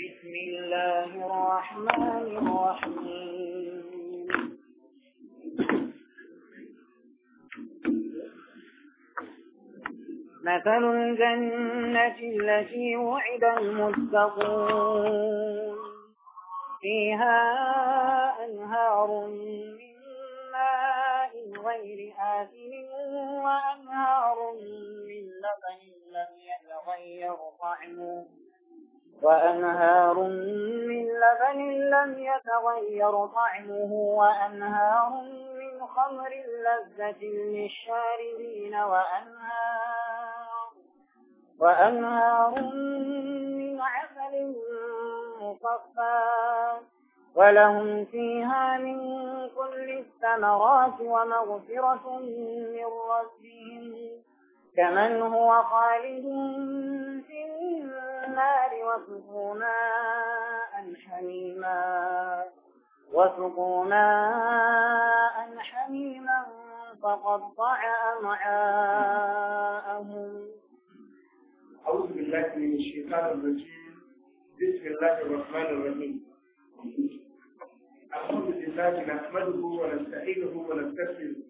بسم الله الرحمن الرحيم مثل الجنة التي وعد المتقون فيها أنهار من ماء غير آثم وأنهار من لبن يتغير طعمه وأنهار من لبن لم يتغير طعمه وأنهار من خمر لذة للشاربين وأنهار وأنهار من عسل مصفى ولهم فيها من كل الثمرات ومغفرة من ربهم كمن هو خالد في النار وسقوا ماء حميما وسقوا ماء حميما فقطع أمعاءهم أعوذ بالله من الشيطان الرجيم بسم الله الرحمن الرحيم الحمد لله نحمده ونستعينه ونستغفره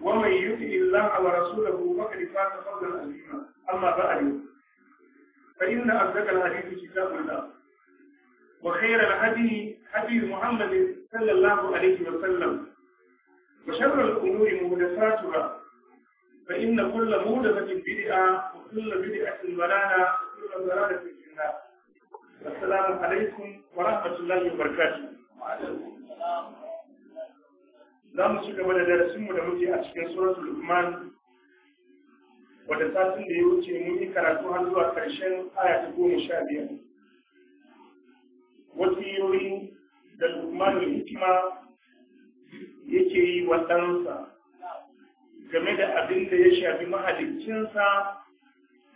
ومن يطع الله ورسوله فقد فاز فوزا عظيما اما بعد فان اصدق الحديث كتاب الله وخير الهدي هدي محمد صلى الله عليه وسلم وشر الامور محدثاتها فان كل محدثه بدعه وكل بدعه ضلاله وكل ضلاله في النار السلام عليكم ورحمه الله وبركاته وعليكم السلام za mu ci gaba da darasinmu da muke a cikin suratul Luqman wadda satin da ya wuce mun yi karatu har zuwa ƙarshen aya ta goma sha biyar. Wasu yoyi da Luqmanul Hikima yake yi wa ɗansa game da abin da ya shafi mahaliccinsa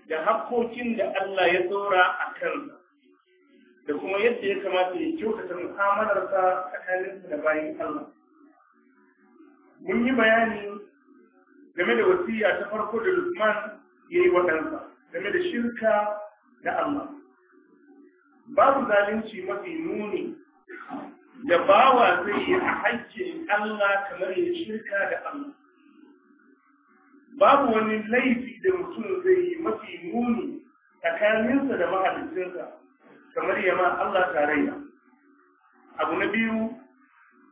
da hakkokin da Allah ya tsora a kansa da kuma yadda ya kamata ya kyautata mu'amalarsa tsakaninsa da bayan Allah. mun yi bayani game da wasiya ta farko da Lukman ya yi waɗansa game da shirka da Allah. Babu zalunci mafi nuni da bawa zai yi a haƙƙin Allah kamar ya shirka da Allah. Babu wani laifi da mutum zai yi mafi nuni tsakaninsa da mahalicinsa kamar ma Allah tarayya. Abu na biyu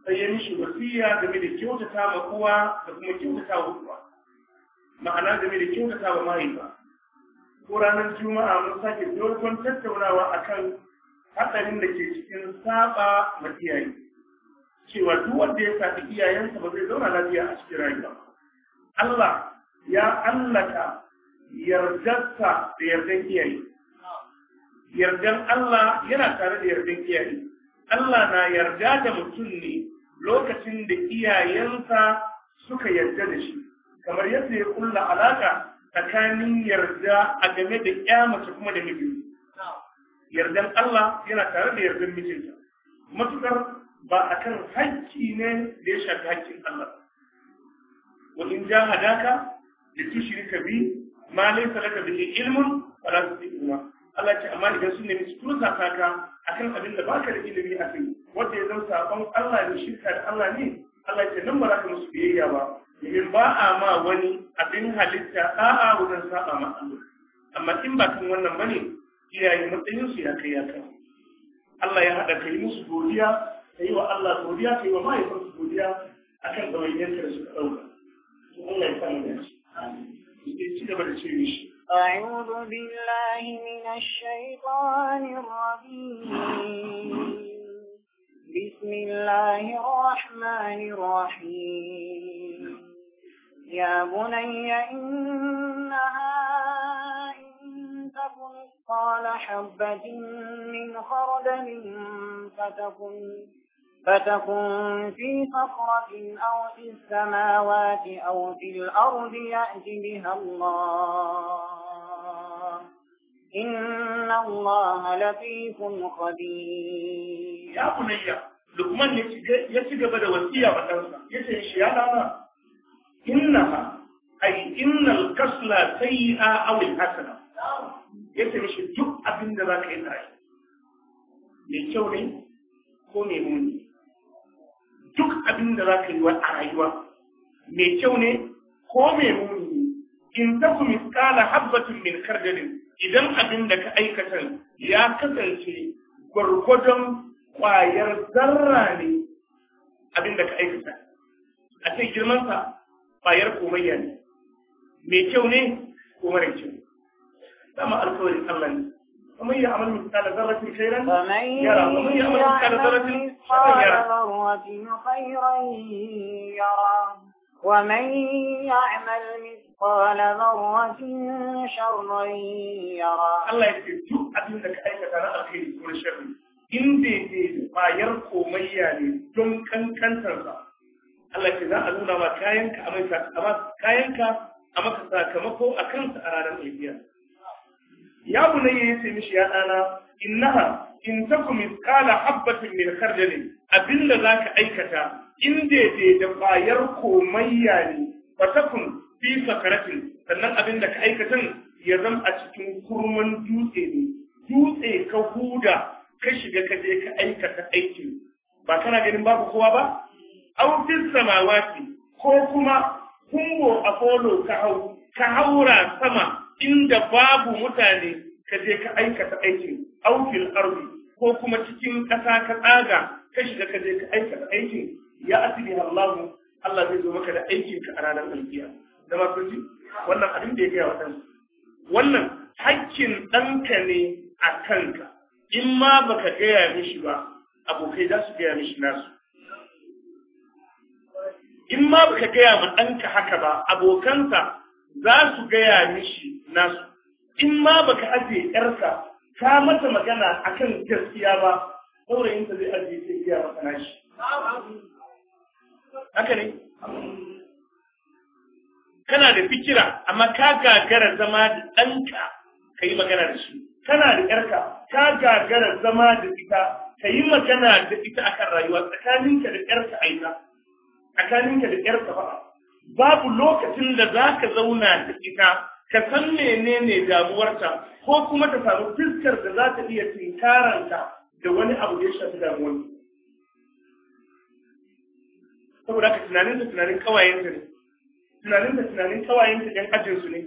sai ya mishi wasiya game da kyautata ma kowa da kuma kyautata wa uwa ma'ana game da kyautata wa mahaifa ko ranar juma'a mun sake dogon tattaunawa akan hatsarin da ke cikin saba ma iyaye cewa duk wanda ya saɓi iyayensa ba zai zauna lafiya a cikin rayuwa Allah ya allaka yardarsa da yardan iyaye yardan Allah yana tare da yardan iyaye Allah na yarda da mutum ne lokacin da iyayensa suka yarda da shi kamar yadda ya kulla alaka tsakanin yarda a game da ƴa mace kuma da miji yardan Allah yana tare da yardan mijinta matukar ba kan hakki ne da ya shafi hakkin Allah wa in hadaka da tushrika bi ma laysa laka bi ilmun la tusibuha Allah ce amma idan sun nemi su tursa saka akan abin da baka da ilimi a kai wanda ya zan sabon Allah ne shirka da Allah ne Allah ke nan ba za su musu biyayya ba in ba a ma wani abin halitta a'a wajen saba ma amma in ba kan wannan bane iyaye matsayin su ya kai ya kai Allah ya hada kai musu godiya kai wa Allah godiya kai wa mahaifin su godiya akan gawayen da suka dauka to Allah ya samu da shi amin ci gaba da ce mishi أعوذ بالله من الشيطان الرجيم بسم الله الرحمن الرحيم يا بني إنها إن تكن قال حبة من خردل فتكن فتكن في صخرة أو في السماوات أو في الأرض يأتي بها الله إن الله لطيف خبير يا بني لقمان يسجى بدا وسيا بطنسا يسجى شيانا إنها أي إن الكسل سيئة أو الحسنة يسجى shi duk abin da za ka yi tare mai kyau ne ko mai muni duk abin da za ka yi a rayuwa mai kyau ne ko mai muni in taku miskala habbatun min kardalin idan abin da ka aikatan ya kasance gwargwadon kwayar zarra ne abin da ka aikata a ce girmansa kwayar komayya ne mai kyau ne ko mara kyau dama alkawarin Allah ne ومن يعمل مثقال ذرة خيرا يرى ومن يعمل مثقال ذرة خيرا يرى ومن يعمل مثقال مثقال ذرة شرا يرى الله يقول شو لك أيك أنا أخير كل شر إن دي دي ما يرقو مياني دم كان كان تنسى Allah ce za nuna ma kayanka a maka sakamako a kansa a ranar ɗabiya. Ya bune ya ce mishi ya ɗana, innaha in taku misƙala habbatin min khardalin abin da za ka aikata in daidai da bayar komayya ne fatakun fi sakaratin sannan abin da ka aikatan ya zama a cikin kurman dutse ne dutse ka huda ka shiga ka je ka aikata aikin ba kana ganin babu kowa ba aw fi samawati ko kuma kungo apollo ka hau ka haura sama inda babu mutane ka je ka aikata aikin aw fil ardi ko kuma cikin ƙasa ka tsaga ka shiga ka je ka aikata aikin ya asbiha Allah Allah zai zo maka da aikin a ranar alkiyama da makoki wannan abin da ya gaya wa wannan hakkin ɗanka ne a kanka in ma baka gaya mishi ba abokai za su gaya mishi nasu in ma baka gaya ma ɗanka haka ba abokansa za su gaya mishi nasu in ma baka ajiye yarsa ka mata magana akan gaskiya ba saurayinta zai ajiye sai gaya maka nashi haka ne kana da fikira amma ka gagara zama da ɗanka ka yi magana da shi kana da ƴarka ka gagara zama da ita ka yi magana da ita akan rayuwa tsakaninka da ƴarka aina tsakaninka da ƴarka ba babu lokacin da za ka zauna da ita ka san menene damuwarta ko kuma ta samu fiskar da za ta iya tinkaranta da wani abu da ya shafi damuwarta saboda ka tunanin da tunanin kawayen ne tunanin da tunanin tawayen ta ɗan ajin su ne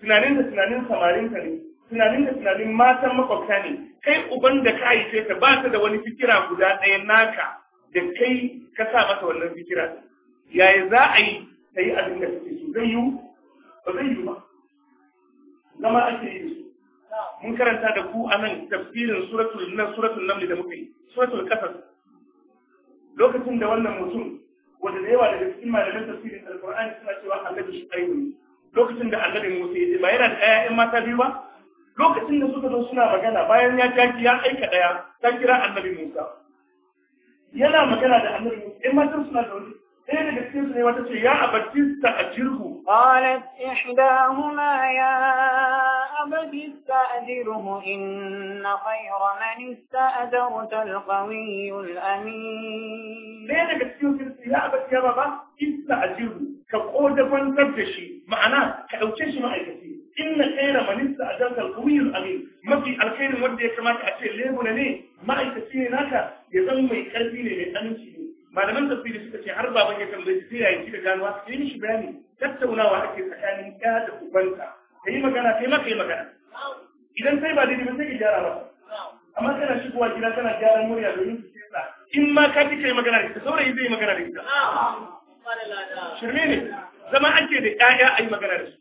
tunanin da tunanin samarin ta ne tunanin da tunanin matan makwabta ne kai uban da ka haife ta ba ta da wani fikira guda ɗaya naka da kai ka sa mata wannan fikira yaya za a yi ta yi abin da kake so zai yiwu ba zai yiwu ba zama ake yi su mun karanta da ku nan tafsirin suratul nan suratul naml da muka yi suratul qasas lokacin da wannan mutum wanda da yawa daga cikin malaman tafsirin alqur'ani suna cewa annabi shu'aibu ne lokacin da annabi Musa ya ba yana da ɗaya ƴaƴan mata biyu ba lokacin da suka zo suna magana bayan ya taki ya aika ɗaya ta kira annabi Musa yana magana da annabi Musa in matan suna da wani ɗaya daga cikin su ne wata ce ya abatis ta ajirhu qalat ihdahuma ya أبت استأجره إن خير من استأجرت القوي الأمين ليه بتسيو تنسي يا أبت يا بابا استأجره كقودة فانتبتشي معناه كأوتشيش ما أيكسي إن خير من استأجرت القوي الأمين ما في الخير ودي كما تأتي ليبنا ليه ما أيكسي ناكا يزمي كربيني لأنشي malaman tafsiri suka ce har baban ya tambaye shi sai yayin shi da ganuwa sai mishi bayani tattaunawa ake tsakanin ya da ubanta kyakkyawan murya domin su magana da ita saurayi zai magana da ita ah, shirme ne zama ake da yaya a yi magana da su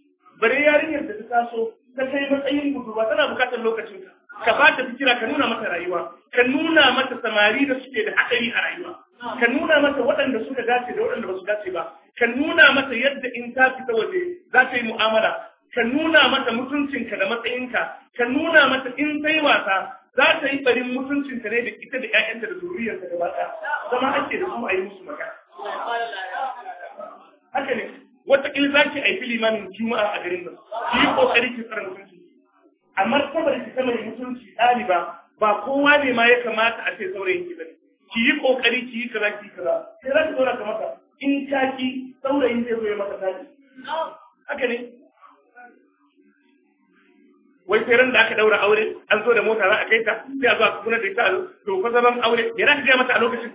a kai ta sai a zo a kuna da ita a dokar zaman aure me za ka gaya mata a lokacin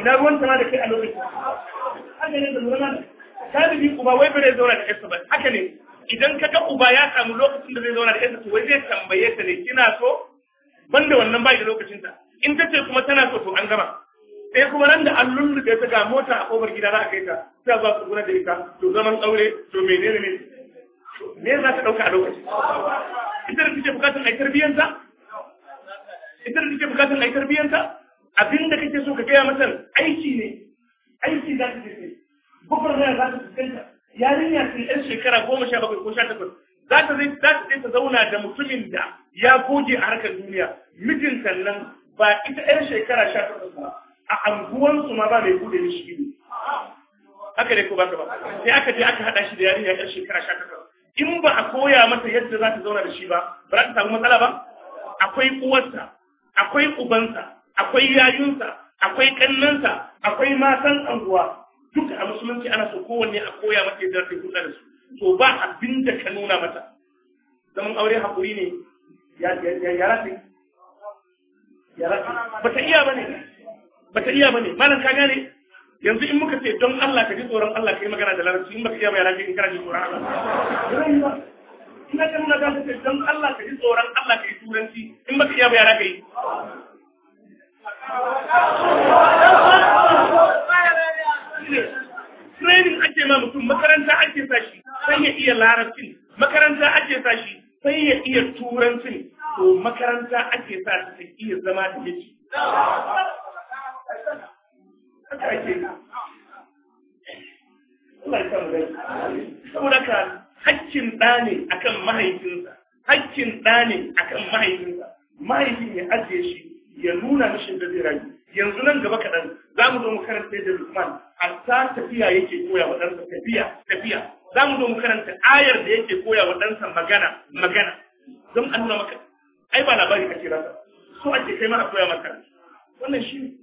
ina ruwan tana da kai a lokacin haka ne da nuna talibi uba wai bai zauna da yarsa ba haka ne idan ka ga uba ya samu lokacin da zai zauna da yarsa to wai zai tambaye ta ne kina so Ban da wannan bai da lokacin ta in ta ce kuma tana so to an gama sai kuma ran da an lullube ta ga mota a kofar gida za a kai ta sai a zo su guna da ita to zaman aure to menene ne me za ta ɗauka a lokacin ita da take bukatun a yi tarbiyyanta ita da take bukatar ai tarbiyyanta abin da kake so ka gaya mata aiki ne aiki za ta tafi gwagwarmaya za ta fuskanta yarinya ce yan shekara goma sha bakwai ko sha takwas za ta zai za ta je ta zauna da mutumin da ya goge a harkar duniya mijinta nan ba ita yan shekara sha takwas ba a anguwansu ma ba mai bude mishi ido haka ne ko ba ka ba sai aka je aka hada shi da yarinya yan shekara sha takwas in ba a koya mata yadda za ta zauna da shi ba ba za ta samu matsala ba akwai uwarsa akwai ubansa akwai yayunsa akwai kannansa akwai matan anguwa duk a musulunci ana so kowanne a koya mata yadda ta hulɗa da su to ba abin da ka nuna mata zaman aure hakuri ne ya ya ya rafe ba ta iya bane ba ta iya bane malam ka gane yanzu in muka ce don Allah ka ji tsoron Allah ka yi magana da larabci in baka iya ba ya rafe in kana ji tsoron Allah in ka nuna za su ce don Allah ka ji tsoron Allah ka yi turanci in baka iya bayana ka yi. Training ake ma mutum makaranta ake sa shi sai ya iya larabcin makaranta ake sa shi sai ya iya turanci, to makaranta ake sa shi ta iya zama da yake. Saboda ka hakkin ɗa ne akan mahaifinsa hakkin ɗa ne akan mahaifinsa mahaifin ya ajiye shi ya nuna mishi da zai rayu yanzu nan gaba kaɗan za mu zo mu karanta da Lukman hatta tafiya yake koya wa ɗansa tafiya tafiya za mu zo mu karanta ayar da yake koya wa ɗansa magana magana don an nuna maka ai ba labari kake rasa so ake kai ma a koya maka wannan shi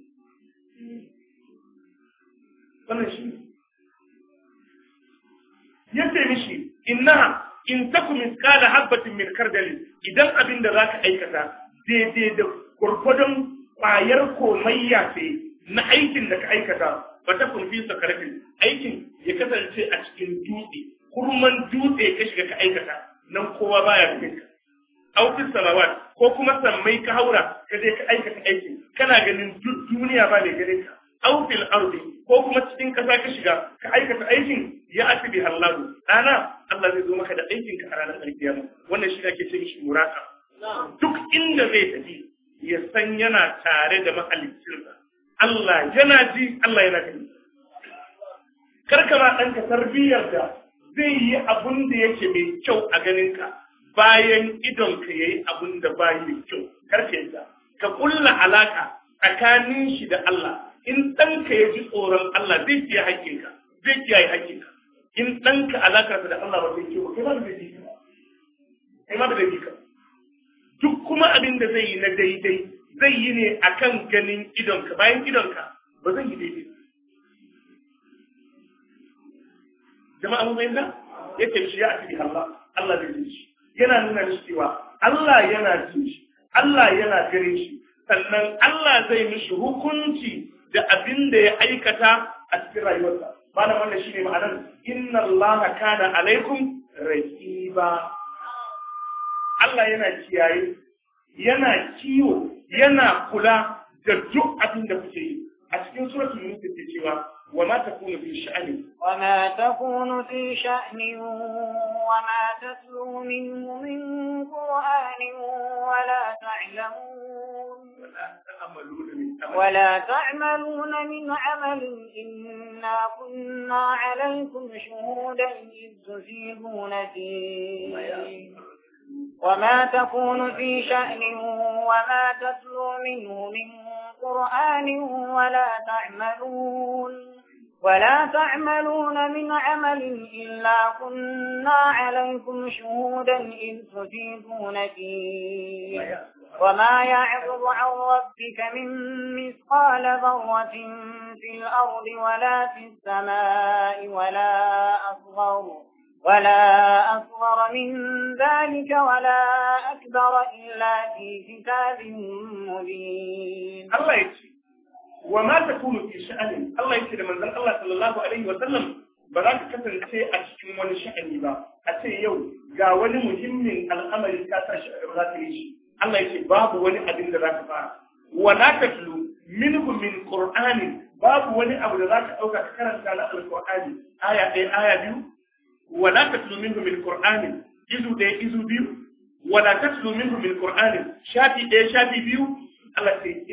wannan shi ya ce mishi innaha in taku misqala habatin min kardali idan abin da zaka aikata daidai da gurgudun kwayar komayya ce na aikin da ka aikata ba ta kunfi sakarfin aikin ya kasance a cikin dutse kurman dutse ka shiga ka aikata nan kowa baya ganin ka aukin salawat ko kuma sammai ka haura ka je ka aikata aikin kana ganin duk duniya ba mai ganin ka aw fil ardi ko kuma cikin kasa ka shiga ka aikata aikin ya ati bi halalu ana Allah zai zo maka da aikin ka a ranar alkiyama wannan shi ake cewa shi muraka duk inda zai tafi ya san yana tare da mahaliccinsa Allah yana ji Allah yana gani karka ma ɗanka tarbiyyar da zai yi abun da yake mai kyau a ganin ka bayan idon ka yayi abun da bai mai kyau karka ka ka kulla alaka tsakanin shi da Allah in ɗanka ya ji tsoron Allah zai kiyaye haƙƙinka zai kiyaye haƙƙinka in ɗanka alakarsa da Allah ba zai kiyaye kai ma da zai ka kai ma da zai ka duk kuma abin da zai yi na daidai zai yi ne akan ganin idonka bayan idonka ba zai yi daidai jama'a mun bayyana yake shi ya tafi Allah Allah zai ji shi yana nuna mishi cewa Allah yana ji shi Allah yana gare shi sannan Allah zai mishi hukunci da abin da ya aikata a cikin rayuwarsa malam wannan shine ma'anar inna allaha kana alaikum raqiba Allah yana kiyaye yana kiyo yana kula da duk abin da kuke yi a cikin suratul mulk ke cewa wa ma takunu وما تكون في شأن وما تكون في شأن وما تتلو min من wa la تعلمون ولا تعملون من عمل إنا كنا عليكم شهودا إذ تفيدون فيه وما تكون في شأن وما تتلو منه من قرآن ولا تعملون ولا تعملون من عمل إلا كنا عليكم شهودا إذ تفيدون فيه وما يعرض عن ربك من مثقال ذرة في الأرض ولا في السماء ولا أصغر ولا أصغر من ذلك ولا أكبر إلا في كتاب مبين الله يكفي وما تكون في شأن الله يكفي لمن ذل الله صلى الله عليه وسلم ba za ka kasance a شأن wani أتي ba جاولي مهم من الأمر wani muhimmin Allah ya ce babu wani abin da za zaka fara wala tatlu minhu min qur'anin babu wani abu da za ka ɗauka ka karanta na alqur'ani aya ɗaya aya biyu wala tatlu minhu min qur'anin izu ɗaya izu biyu wala tatlu minhu min qur'anin shafi ɗaya shafi biyu Allah ce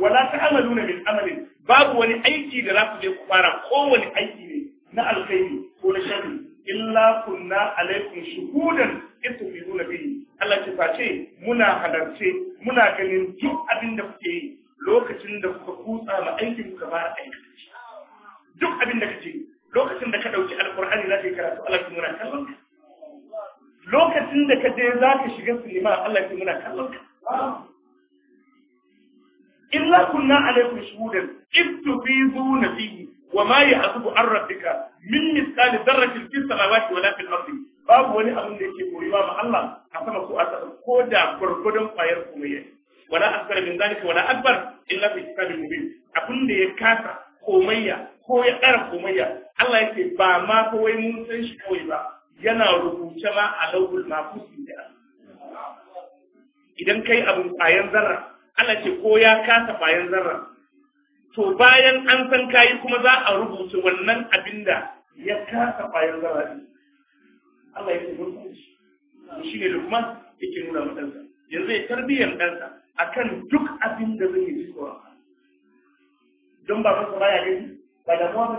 wala ta'amaluna min amalin babu wani aiki da za ku je ku fara kowane aiki ne na alkhairi ko na sharri illa kunna alaikum shuhudan itufiduna bihi Allah ce face muna halarce muna ganin duk abin da kuke yi lokacin da kuka kutsa ma aikin kuka ba aikin duk abin da kace lokacin da ka dauki alqur'ani zaka karatu Allah ki muna kallon ka lokacin da ka je zaka shiga sinima Allah ki muna kallon ka illa kunna alaikum shuhudan itufiduna bihi wa ma ya'zubu an rabbika min mithqali dharratin fis samawati wala fil ardi babu wani abin da yake koyuwa ma Allah a sama ko a ƙasa ko da gurgudun kwayar kumiye wala akbar min zalika wala akbar illa fi kitabin mubin abin da ya kasa komayya ko ya ƙara komayya Allah yake ba ma ko wai mun san shi ba yana rubuce ma a lawul mafus da idan kai abin kwayan zarra Allah ce ko ya kasa kwayan zarra to bayan an san kayi kuma za a rubuta wannan abin da ya kasa bayan zarafi Allah ya ce mun shi shi ne Lukman ke nuna matansa? yanzu ya tarbiyyar ɗansa akan duk abin da zai yi wa. don ba masa baya gani ba damuwa ba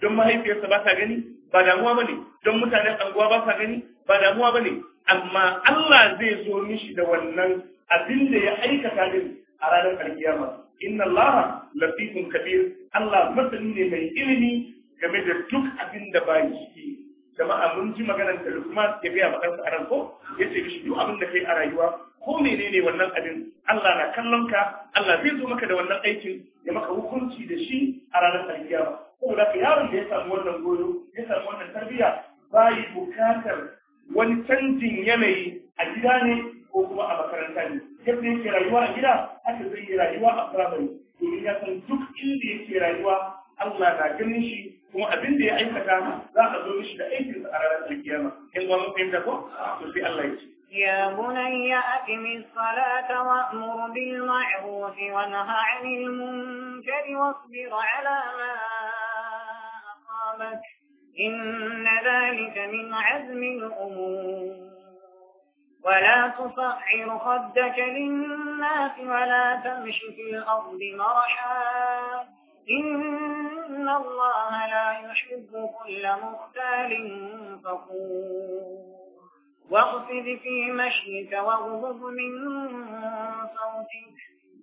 don mahaifiyarsa ba ta gani ba damuwa ba ne don mutanen anguwa ba sa gani ba damuwa ba ne amma Allah zai zo mishi da wannan abin da ya aikata din a ranar alkiyama inna Allah latifun kabir Allah masani ne mai ilimi game da duk abin da ba shi jama'a mun ji maganar da Luqman ya ga maka a ran yace shi duk abin da kai a rayuwa ko menene wannan abin Allah na kallon ka Allah zai zo maka da wannan aikin ya maka hukunci da shi a ranar alkiyama saboda ka yaron da ya samu wannan goyo ya samu wannan tarbiyya bayi bukatar wani canjin yanayi a gida ne ko kuma a makaranta ne yadda yake rayuwa a gida haka zai yi rayuwa a firamare domin ya san duk inda yake rayuwa Allah na ganin shi kuma abin da ya aikata za a zo mishi da aikin a ranar alkiyama in wani fahimta ko to sai Allah ya ce يا بني أقم الصلاة وأمر بالمعروف وانه عن المنكر واصبر على ما أصابك إن ذلك من عزم الأمور ولا تصعر خدك للناس ولا تمش في الأرض مرحا إن الله لا يحب كل مختال فخور واغفر في مشيك واغضب من صوتك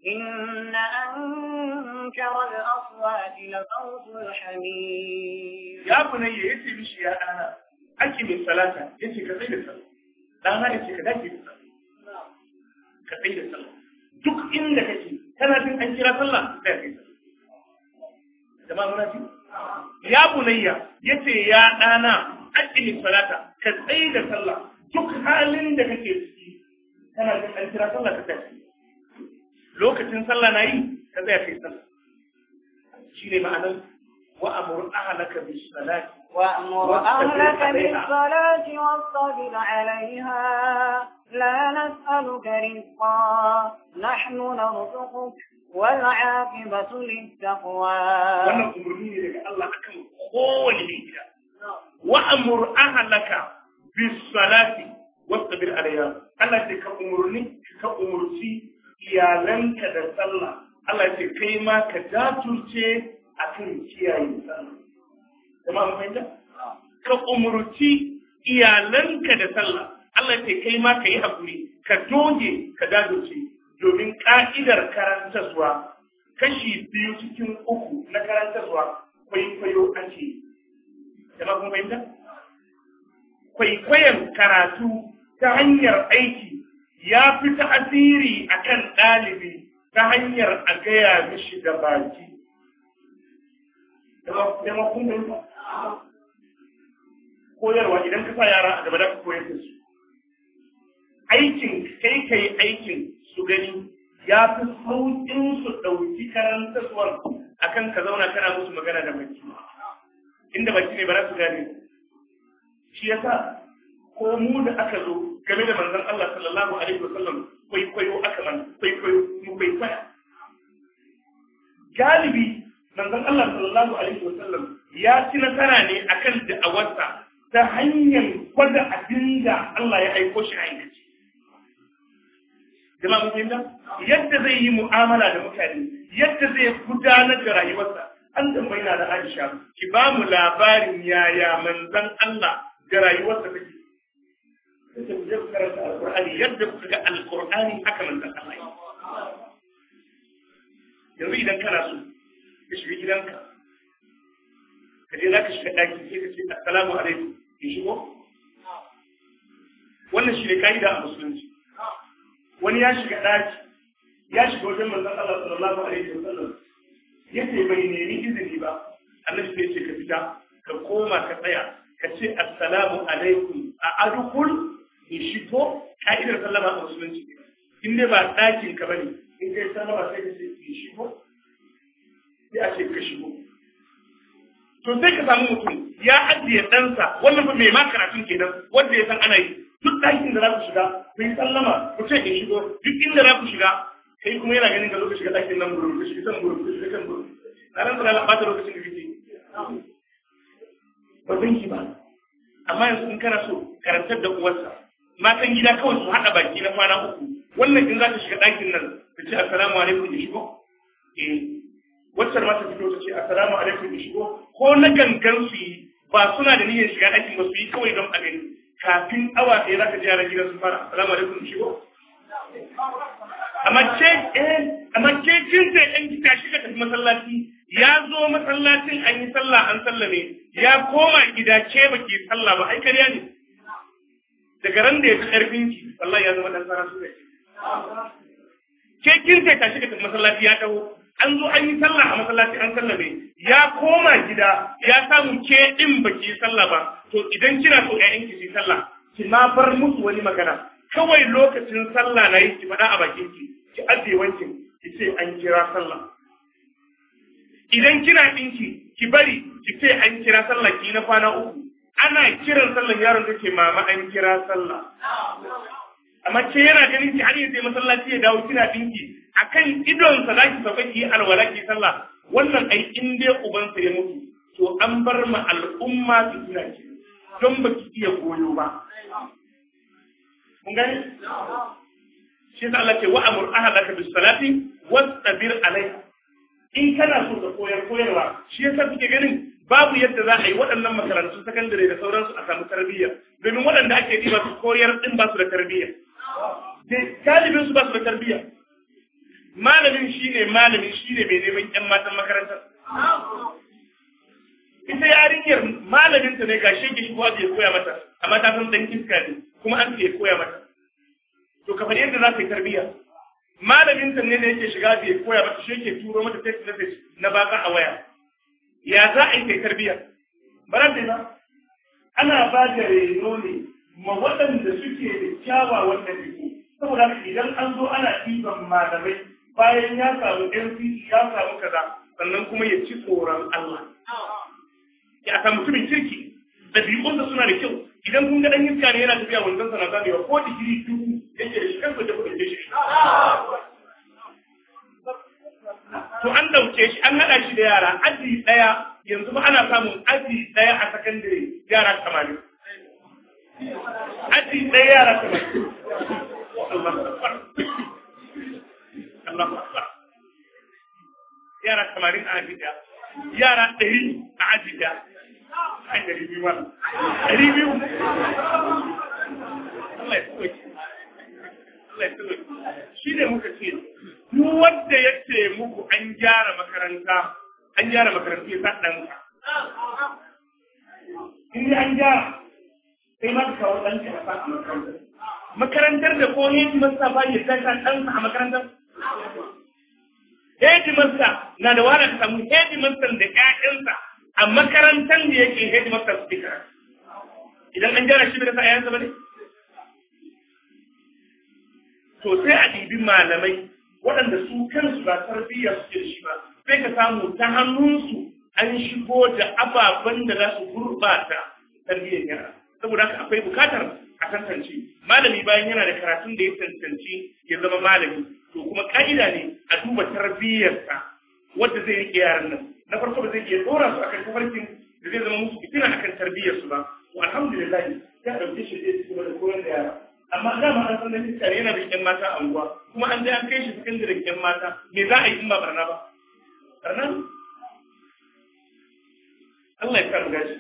إن أنكر الأصوات لصوت الحميد يا بني يتي مشي يا أنا من ثلاثة يتي كثير ثلاثة dan hana ce ka dace da sallah ka tsaye da sallah duk inda ka kake kana jin an kira sallah sai ka yi jama'a muna ji ya bunayya yace ya dana aqimi salata ka tsaye da sallah duk halin da kake ciki kana jin an kira sallah ka tafi lokacin sallah na yi ka tsaya kai sallah shine ma'anar wa amur ahlaka bis salati وأمر أهلك بالصلاة والصبر عليها لا نسألك رزقا نحن نرزقك والعاقبة للتقوى وأمر أهلك بالصلاة والصبر عليها أنا تكأمرني تكأمرتي يا لن sallah Allah ce kai ma أكن jajurce إنسان Kuma an fahimta? Ka umurci iyalanka da sallah. Allah ce kai ma ka yi haƙuri, ka doge, ka dadoce, domin ƙa'idar karantarwa kashi biyu cikin uku na karantarwa kwaikwayo ake. Jama kun fahimta? Kwaikwayon karatu ta hanyar aiki ya fi ta'asiri a kan ɗalibi ta hanyar a gaya mishi da baki. Jama kun fahimta? koyarwa idan ka sa yara a gaba da ka koyar da su aikin kai ka yi aikin su gani ya fi sauƙin su ɗauki karantarwar akan ka zauna kana musu magana da baki inda baki ne ba za su gane shi yasa ko mu da aka zo game da manzon Allah sallallahu alaihi wasallam kwaikwayo aka man kwaikwayo mu kwaikwaya galibi manzon Allah sallallahu alaihi wasallam ya ci nasara ne akan da'awarsa ta hanyar gwada abin da Allah ya aiko shi a yankaci. Jama'a mun fahimta? Yadda zai yi mu'amala da mutane, yadda zai gudanar da rayuwarsa, an tambayi na da Aisha, ki ba mu labarin yaya manzan Allah da rayuwarsa take. Kace mu je karanta Alƙur'ani yadda kuka ga Alƙur'ani haka manzan Allah ya. Yanzu idan kana so, ka shiga gidanka, ka je za ka shiga ɗaki sai ka ce assalamu alaikum in shigo wannan shi ne ka'ida a musulunci wani ya shiga ɗaki ya shiga wajen manzon Allah sallallahu alaihi wa sallam ya ce bai nemi izini ba annabi sai ce ka fita ka koma ka tsaya ka ce assalamu alaikum a adukul in shigo ka'idar sallama a musulunci in dai ba ɗakin ka bane in kai sallama sai ka ce in shigo sai a ce ka shigo to sai ka samu mutum ya ajiye ɗansa wannan fa mai ma karatun kenan wanda ya san ana yi duk ɗakin da za ku shiga ku yi sallama ku ce in shigo duk inda za ku shiga kai kuma yana ganin ka zo ka shiga ɗakin nan gurin ka shiga kan gurin ka shiga kan gurin a ran tsara ba ta lokacin da kake ba zan ki ba amma yanzu in kana so karantar da uwarsa matan gida kawai su haɗa baki na kwana uku wannan in za ta shiga ɗakin nan ta ce assalamu alaikum ya shigo eh wacce ma ta fito ta ce assalamu alaikum in shigo ko na gangan su yi ba suna da niyyar shiga aikin ba su yi kawai don a gani kafin awa ɗaya za ka ji yaran gidan su fara assalamu alaikum in shigo eh, amma ke kin sai ɗan gida shi ka tafi masallaci ya zo masallacin an yi sallah an sallame ya koma gida ke ba ke sallah ba ai kariya ne daga ran da ya fi ƙarfin ki wallahi ya zama ɗan sarasa ne ke kin sai tashi ka tafi masallaci ya dawo an zo an yi sallah a masallaci an sallame ya koma gida ya samu ke din baki sallah ba to idan kina so ƴaƴan ki yi sallah ki ma bar musu wani magana kawai lokacin sallah na yi ki faɗa a bakin ki ki ajiye wancin ki ce an kira sallah idan kina ɗinki ki bari ki ce an kira sallah ki na kwana uku ana kiran sallah yaron ta ke mama an kira sallah amma ke yana ganin ki har yanzu masallaci ya dawo kina ɗinki akan idonsa za ki sauka ki alwala sallah wannan ai in dai ubansa ya mutu to an bar ma al'umma su tuna ki don ba ki iya goyo ba kun gani shi sa Allah ce wa amur ahlaka bis salati wastabir alaiha in kana so ka koyar koyarwa shi yasa kuke ganin babu yadda za a yi waɗannan makarantu sakandare da sauransu a samu tarbiyya domin waɗanda ake ba su koyar din ba su da tarbiyya galibin su ba su da tarbiyya malamin shi ne malamin shi ne mai neman ƴan matan makarantar ita yarinyar malamin ta ne gashi ke shigowa ya koya mata amma ta san dan iska ne kuma an ya koya mata to kamar yadda za ta yi tarbiyya malamin ta ne da yake shiga ya koya mata shi ke turo mata text message na baka a waya ya za a yi kai tarbiyya baran dai ba ana ba da reno ne ma waɗanda suke da kyawawan ɗabi'u saboda idan an zo ana ɗiban malamai bayan ya samu NCC ya samu kaza sannan kuma ya ci tsoron Allah. Ya samu mutumin kirki, ɗabi'unsa suna da kyau, idan kun ga ɗan iska ne yana tafiya wanzan sana zanewa ko digiri dubu yake da shi kansa da kuɗin da shi. To an ɗauke shi, an haɗa shi da yara, aji ɗaya, yanzu ma ana samun aji ɗaya a sakandare yara tamanin. Aji ɗaya yara tamanin. Allahu Akbar yara tamarin a aji yara ɗari a aji ɗaya an ɗari biyu mana ɗari biyu Allah ya tsoki Allah ya tsoki shi ne muka ce duk wanda ya ce muku an gyara makaranta an gyara makarantu ya sa ɗanka in an gyara sai ma ka kawo ɗanka ya sa a makarantar makarantar da ko yin masa ba ya sa ɗansa a makarantar hedimastar na da wara ta samu hedimastar da ƴaƴansa a makarantar da yake hedimastar su karatu idan an gyara shi bai sa ƴaƴansa ba ne to sai a ɗibi malamai waɗanda su kansu ba tarbiyya su ke shi ba sai ka samu ta hannunsu an shigo da ababen da za su gurɓata tarbiyyar yara saboda haka akwai bukatar a tantance malami bayan yana da karatun da ya tantance ya zama malami to kuma ka'ida ne a duba tarbiyyarsa wadda zai riƙe yaran nan na farko ba zai iya dora su akan tafarkin da zai zama musu fitina akan tarbiyyarsu ba to alhamdulillah ya dauke shi zai ci da koyar da yara amma dama an san da mutane yana da ƙyan mata a unguwa kuma an je an kai shi cikin da ƙyan mata me za a yi in ba barna ba barna Allah ya karu gashi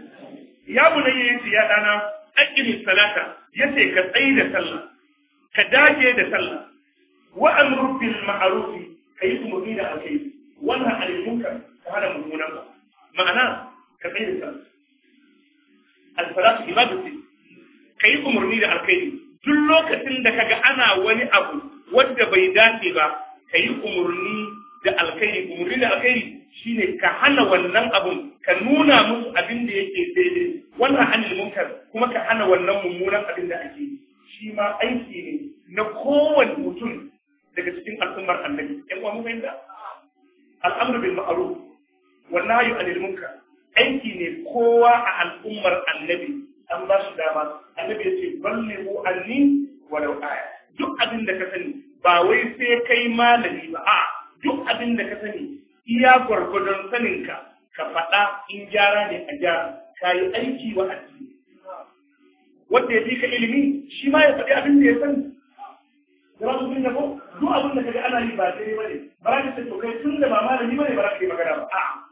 ya bunayya yace ya dana aqimi salata ce ka tsayi da sallah ka dage da sallah wa amru bil ma'ruf kai umarni da alkhairi wannan almunkar ta hana mummunan ba ma'ana ka tsaye da al-salatu ka yi umarni da alkhairi duk lokacin da kaga ana wani abu wanda bai dace ba ka yi umarni da alkhairi umarni da alkhairi shine ka hana wannan abun ka nuna musu abin da yake daidai wannan an munkar kuma ka hana wannan mummunan abin da ake shi ma aiki nahyu anil munkar aiki ne kowa a al'ummar annabi an ba su dama annabi ya ce ballighu anni walau aya duk abin da ka sani ba wai sai kai malami ba a duk abin da ka sani iya gwargwadon saninka ka faɗa in gyara ne a gyara ka yi aiki wa addini wanda ya fi ka ilimi shi ma ya faɗi abin da ya sani da rasu sun ko duk abin da ka ga ana yi ba sai ba ne ba za ka ce to kai tun da ba malami ba ne ba za ka yi magana ba a'a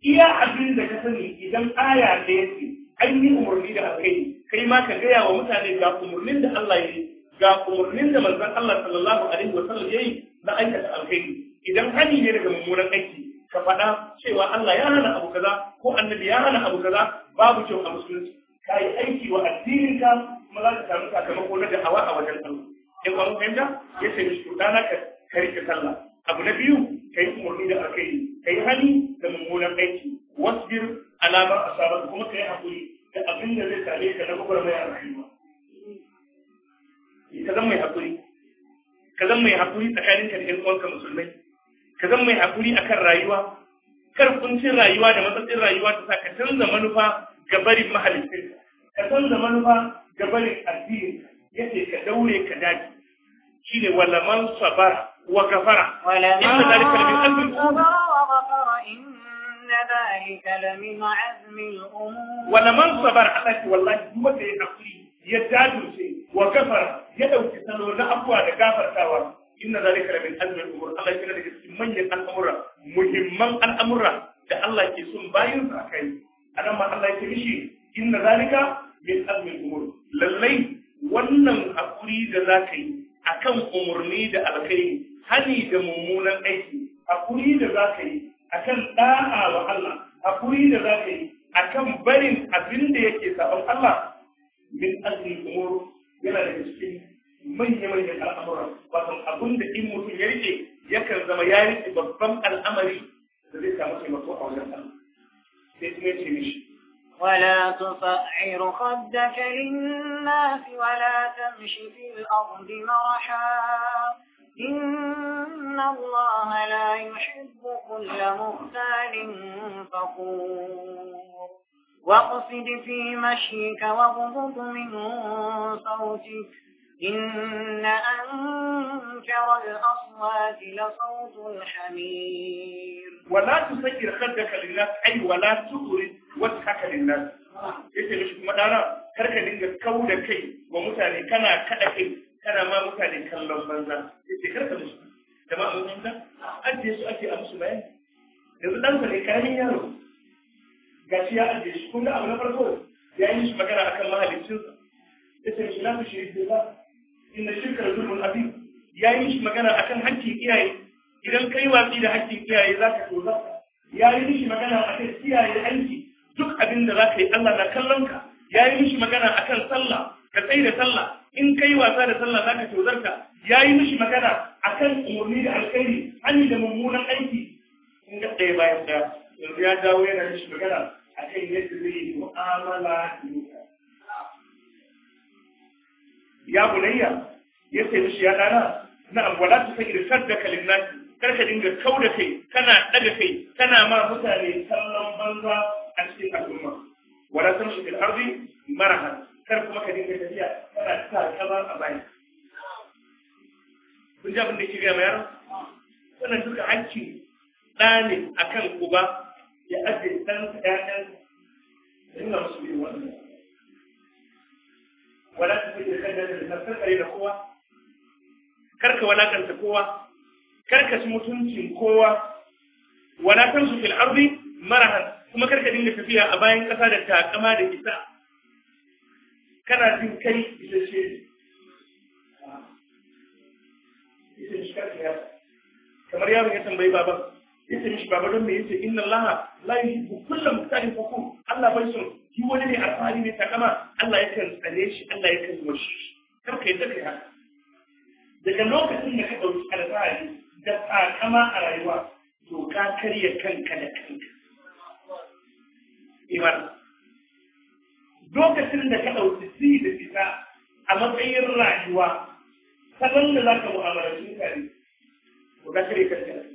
iya abin da ka sani idan aya ɗaya yake an yi umarni da alkhairi kai ma ka gaya wa mutane ga umarnin da Allah ya yi ga umarnin da manzon Allah sallallahu alaihi wa sallam ya yi na aikata alkhairi idan hani ne daga mummunan aiki ka faɗa cewa Allah ya hana abu kaza ko annabi ya hana abu kaza babu kyau a musulunci ka yi aiki wa addininka kuma za ka samu sakamako na da manufa ga barin mahalicinka ka canza manufa ga barin addini yace ka daure ka daji shine wala man sabara wa kafara inna azmi wala man sabara wallahi duk ya hakuri goro yana daga cikin manya-manyan al'amuran wato abin da in mutum ya rike yakan zama ya rike babban al'amari da zai samu taimako a wajen Allah sai kuma ce mishi ولا تصعر خدك للناس ولا تمش في الأرض مرحا إن الله لا يحب كل مختال فخور واقصد في مشيك وغضب من صوتك إن أنكر الأصوات لصوت الحمير ولا تسكر خدك للناس أي ولا تسكر وجهك للناس إيش اللي شوف مدارا كرك اللي كولا كي ومثال كنا كأكي كنا ما مثال كنا لمنزا إيش كرك مش تمام مثال أنت أنت أمس ما نقول نقول إيه كاني يا رب ga shi ya ajiye shi kun ga abu na farko ya yi shi magana akan mahaliccinsa ya ce shi lafi shi ba inda shirkar zulmun abin ya yi shi magana akan hakkin iyaye idan kai watsi da hakkin iyaye za ka toza ya yi shi magana akan iyaye aiki duk abin da za ka yi Allah na kallon ka ya yi shi magana akan sallah ka tsaye da sallah in kai wasa da sallah za ka ka. ya yi mishi magana akan umarni da alkhairi hanyar da mummunan aiki in ga ɗaya bayan ɗaya yanzu ya dawo yana mishi magana akan yadda zai mu'amala ya bunayya ya ce mishi ya dana na wala ta sai da saddaka linnati kar ka dinga kauda kai kana daga kai kana ma mutane kallon banza a cikin al'umma wala ta shi fil Mara marahan kar kuma ka dinga tafiya kana ta kaba a bayan kun ji abin da ke gaya wannan duka hakki ɗa ne akan uba ya ajiye ɗan, ‘ya'yansa inna musu yi wani wala ta fi ɗan ɗan da na san da kowa karka walakanta kowa karka ci mutuncin kowa wala su fil ardi marahan kuma karka dinga tafiya a bayan kasa da takama da isa kana jin kai isa ce kamar yawon ya tambayi baban yace mishi baba don me yace inna Allah la yuhibbu kullu mukhtalin fakhur Allah bai son shi wani ne alfahari ne takama Allah yakan tsare shi Allah yakan mushi kar kai da kai haka daga lokacin da ka dauki alfahari da takama a rayuwa to ka karya kanka da kanka iman lokacin da ka dauki si da fita a matsayin rayuwa sanan da zaka mu'amalanci mutane to ka karya kanka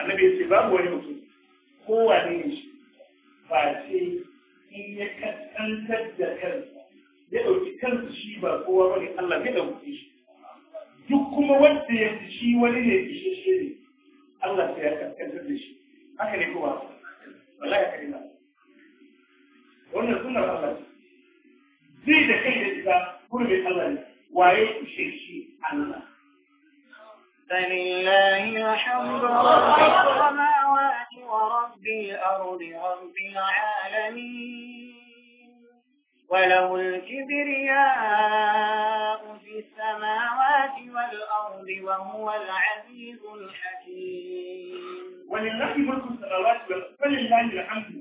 annabi ya ce babu wani mutum kowa ne shi ba ce in ya kaskantar da kansa ya ɗauki kansa shi ba kowa ba ne Allah zai ɗauki shi duk kuma wanda ya ci shi wani ne ishe shi ne Allah sai ya kaskantar da shi haka ne kuma wallahi haka ne wannan sunan Allah zai da kai da ita gurbin Allah ne waye ishe shi Allah فلله الحمد رب السماوات ورب الأرض رب العالمين وله الكبرياء في السماوات والأرض وهو العزيز الحكيم ولله ملك السماوات والأرض الحمد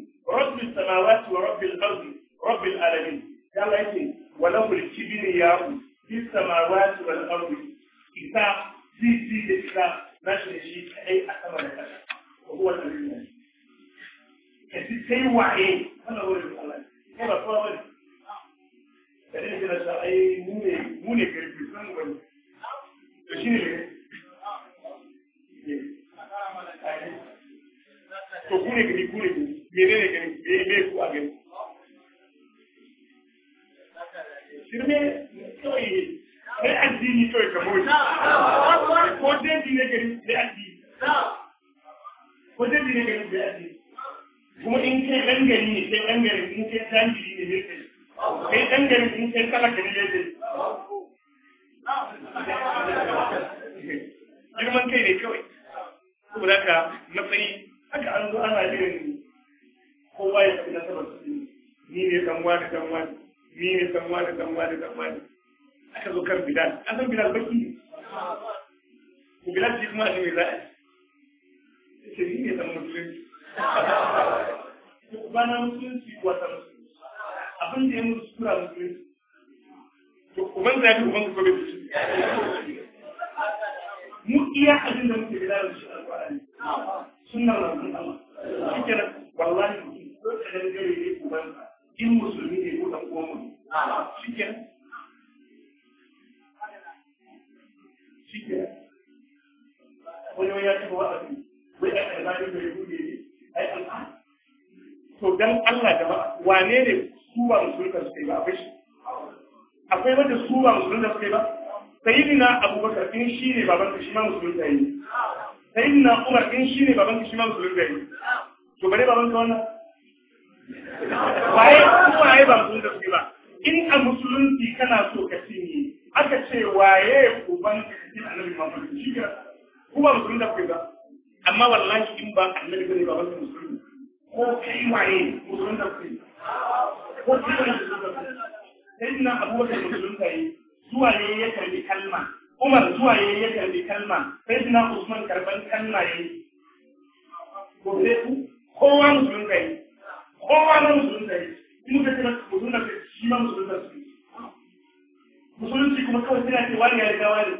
babba sun ci wata musulunci abin da ya uban mu iya abin gobe ku kowa musulun da yi kowa na musulun musulunci kuma kawai suna wani ya wani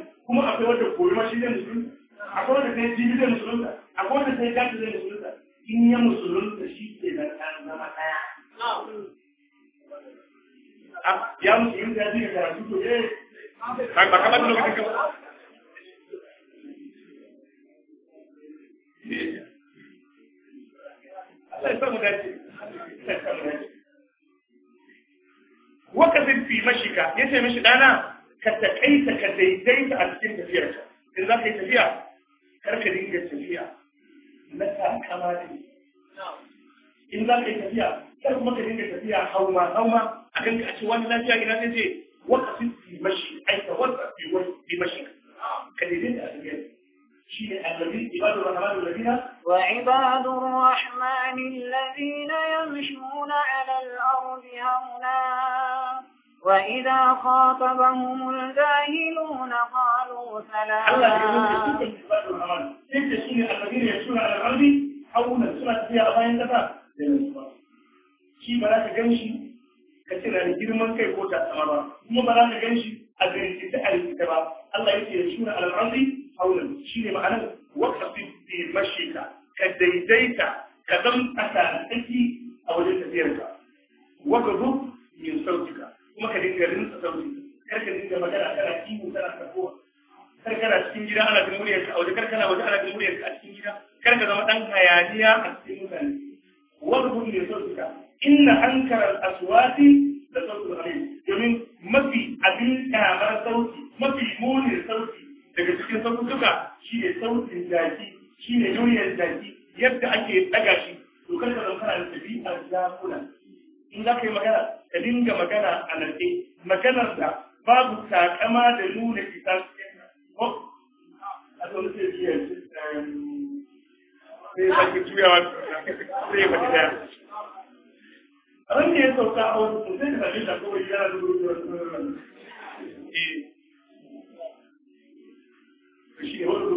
kai ko ta tsamarwa kuma ba za ka gan shi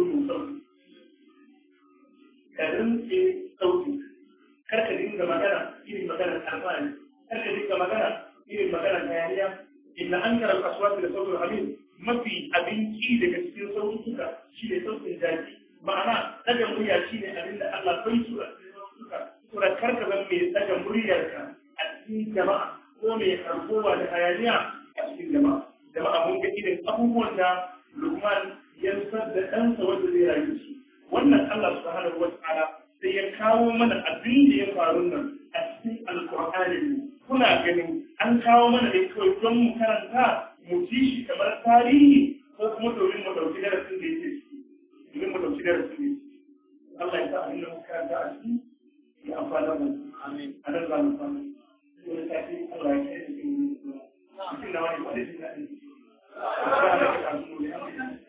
sautin sautin ka rinse sautin kar ka dinga magana irin maganar alfahari kar ka dinga magana irin maganar hayaniya inna an kara kasuwa da sautin abin mafi abinci daga cikin sautuka shi ne sautin daji ma'ana daga murya shi ne abin da Allah bai su a cikin sautuka kuma kar ka zama mai daga muryarka a cikin jama'a ko mai harkowa da hayaniya a cikin jama'a jama'a mun ga irin abubuwan da Lukman ya fitar da ɗansa wanda zai rayu su wannan Allah subhanahu wa ta'ala sai ya kawo mana abin da ya faru nan a cikin alƙur'ani kuna ganin an kawo mana ne kawai don mu karanta mu ji shi kamar tarihi ko kuma domin mu ɗauki darasin da yake ciki domin mu ɗauki darasin da yake Allah ya sa abin da mu karanta a ciki ya amfana mu amin a nan za mu samu wani tafi Allah ya kai cikin mutum na wani wani cikin da ake ciki.